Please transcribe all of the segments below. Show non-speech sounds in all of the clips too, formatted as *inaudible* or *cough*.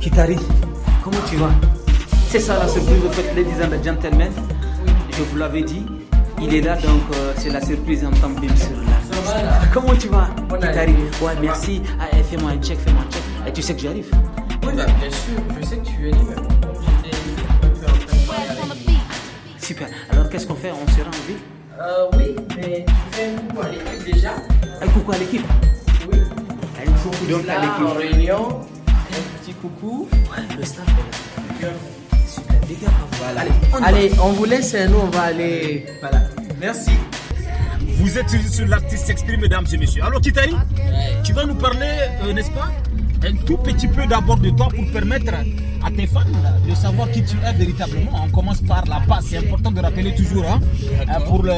Kitari, comment tu vas C'est ça la surprise les fait, ladies and gentlemen. Je vous l'avais dit, il est là donc euh, c'est la surprise en tant que sur là. Comment tu vas Kitari Ouais, merci. Ah, eh, fais-moi un check, fais-moi un check. Et eh, tu sais que j'arrive Oui, bah, bien sûr, je sais que tu es libre. Super. Alors qu'est-ce qu'on fait On se rend en Euh, oui, mais tu fais un coucou à l'équipe déjà Un coucou à l'équipe Oui. Un coucou à l'équipe. réunion coucou. Allez, on, vous laisse, nous, on va aller. Voilà. Merci. Vous êtes sur l'artiste s'exprime, mesdames et messieurs. Alors, Kitari, tu vas nous parler, euh, n'est-ce pas, un tout petit peu d'abord de toi pour permettre à tes fans de savoir qui tu es véritablement. On commence par la base, c'est important de rappeler toujours hein, pour, le,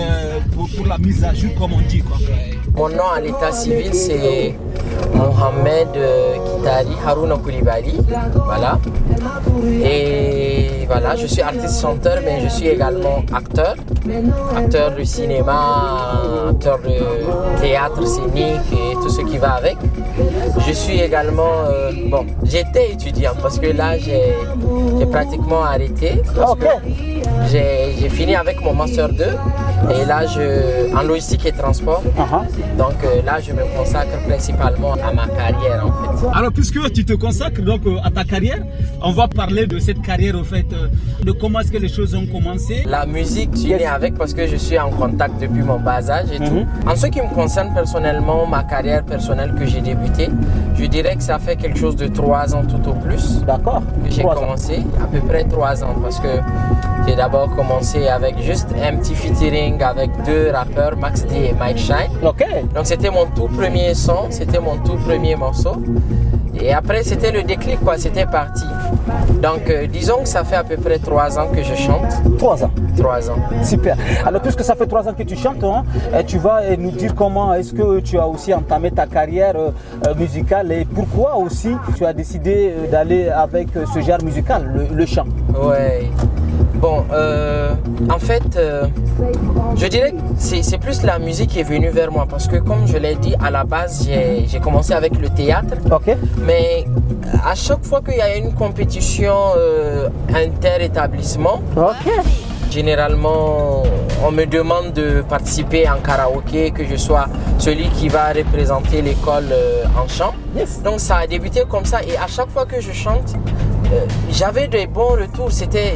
pour, la mise à jour, comme on dit. Quoi. Mon nom à l'état civil, c'est Mohamed euh, Kitari Haruna Koulibaly. Voilà. Et voilà, je suis artiste chanteur, mais je suis également acteur. Acteur du cinéma, acteur de théâtre scénique et tout ce qui va avec. Je suis également, euh, bon, j'étais étudiant parce que là, j'ai pratiquement arrêté. j'ai fini avec mon master 2. Et là, je, en logistique et transport. Uh-huh. Donc euh, là, je me consacre principalement à ma carrière en fait. Alors, puisque tu te consacres donc euh, à ta carrière, on va parler de cette carrière en fait, euh, de comment est-ce que les choses ont commencé. La musique, je suis avec parce que je suis en contact depuis mon bas âge et tout. Mm-hmm. En ce qui me concerne personnellement, ma carrière personnelle que j'ai débutée, je dirais que ça fait quelque chose de trois ans tout au plus. D'accord. J'ai commencé à peu près trois ans parce que j'ai d'abord commencé avec juste un petit featuring avec deux rappeurs, Max D et Mike Shine. Ok. Donc c'était mon tout premier son, c'était mon tout premier morceau. Et après, c'était le déclic, quoi. C'était parti. Donc, euh, disons que ça fait à peu près trois ans que je chante. Trois ans. Trois ans. Super. Alors, puisque ça fait trois ans que tu chantes, hein, eh, tu vas eh, nous dire comment est-ce que tu as aussi entamé ta carrière euh, euh, musicale et pourquoi aussi tu as décidé d'aller avec ce genre musical, le, le chant. Ouais. Bon, euh, en fait, euh, je dirais que c'est plus la musique qui est venue vers moi parce que, comme je l'ai dit, à la base, j'ai commencé avec le théâtre. Mais euh, à chaque fois qu'il y a une compétition inter-établissement, généralement, on me demande de participer en karaoké, que je sois celui qui va représenter l'école en chant. Donc, ça a débuté comme ça et à chaque fois que je chante, j'avais des bons retours. C'était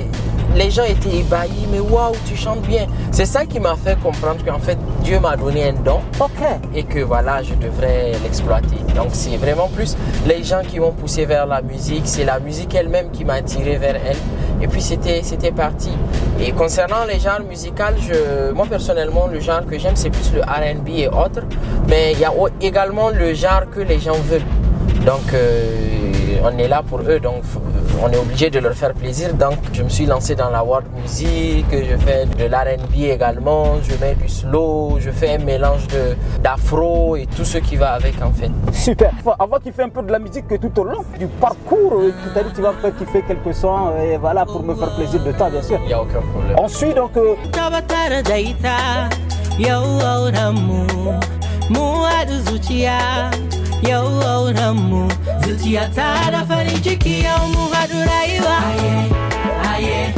les gens étaient ébahis, mais waouh, tu chantes bien. C'est ça qui m'a fait comprendre qu'en fait, Dieu m'a donné un don. Ok. Et que voilà, je devrais l'exploiter. Donc, c'est vraiment plus les gens qui m'ont poussé vers la musique. C'est la musique elle-même qui m'a tiré vers elle. Et puis, c'était, parti. Et concernant les genres musicaux, je, moi personnellement, le genre que j'aime, c'est plus le RB et autres. Mais il y a également le genre que les gens veulent. Donc, euh, on est là pour eux. Donc, on est obligé de leur faire plaisir. Donc, je me suis lancé dans la world music, je fais de l'R&B également, je mets du slow, je fais un mélange d'afro et tout ce qui va avec en fait. Super. Enfin, avant qu'il fait un peu de la musique tout au long du parcours, euh, tout à l'heure tu vas kiffer quelques sons euh, et voilà pour me faire plaisir de temps bien sûr. Il n'y a aucun problème. suit donc. Euh, damu zikiata nafarinjikia aye,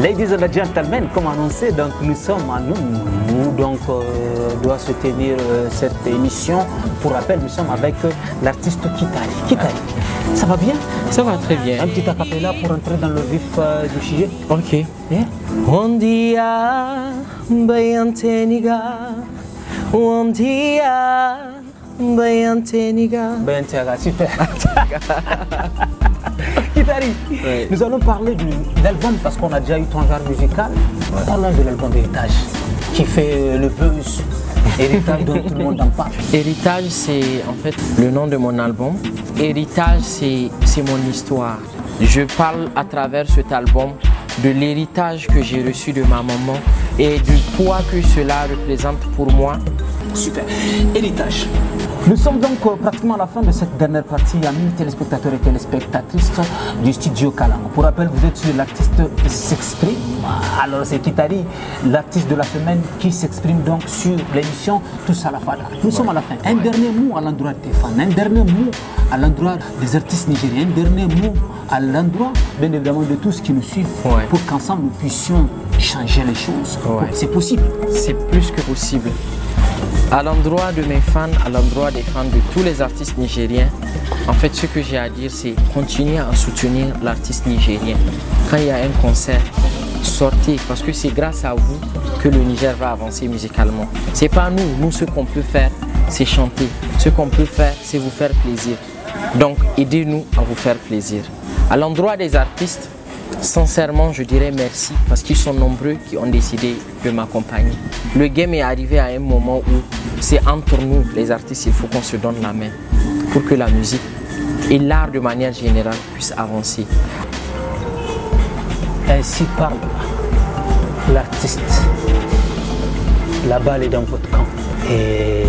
Ladies and gentlemen, comme annoncé, donc nous sommes à nous donc euh, doit se tenir euh, cette émission. Pour rappel, nous sommes avec euh, l'artiste Kitali. Kitali, ça va bien Ça va très bien. Un petit acapella pour entrer dans le vif du sujet. Ok. On dia bayanteniga, on dia bayanteniga. super. *laughs* Nous allons parler de l'album parce qu'on a déjà eu ton genre musical. Parlons de l'album d'héritage, qui fait euh, le buzz. Héritage dont monde en parle. Héritage, c'est en fait le nom de mon album. Héritage, c'est mon histoire. Je parle à travers cet album de l'héritage que j'ai reçu de ma maman et du poids que cela représente pour moi Super. Et les tâches nous sommes donc euh, pratiquement à la fin de cette dernière partie, amis téléspectateurs et téléspectatrices du studio Kalam. Pour rappel, vous êtes sur l'artiste s'exprime. Alors, c'est Kitari, l'artiste de la semaine, qui s'exprime donc sur l'émission Tous à la Fada. Nous sommes à la fin. Un dernier mot à l'endroit des fans, un dernier mot à l'endroit des artistes nigériens, un dernier mot à l'endroit, bien évidemment, de tous qui nous suivent pour qu'ensemble nous puissions changer les choses. C'est possible. C'est plus que possible à l'endroit de mes fans, à l'endroit des fans de tous les artistes nigériens, en fait, ce que j'ai à dire, c'est continuer à soutenir l'artiste nigérien. Quand il y a un concert, sortez, parce que c'est grâce à vous que le Niger va avancer musicalement. C'est pas nous. Nous, ce qu'on peut faire, c'est chanter. Ce qu'on peut faire, c'est vous faire plaisir. Donc, aidez-nous à vous faire plaisir. À l'endroit des artistes, Sincèrement, je dirais merci parce qu'ils sont nombreux qui ont décidé de m'accompagner. Le game est arrivé à un moment où c'est entre nous, les artistes, il faut qu'on se donne la main pour que la musique et l'art de manière générale puissent avancer. Ainsi parle l'artiste. La balle est dans votre camp. Et